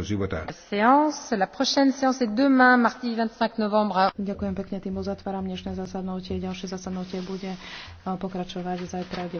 života. Ďakujem pekne, tým uzatváram dnešné zasadnutie. Ďalšie zasadnutie bude eh, pokračovať zajtra.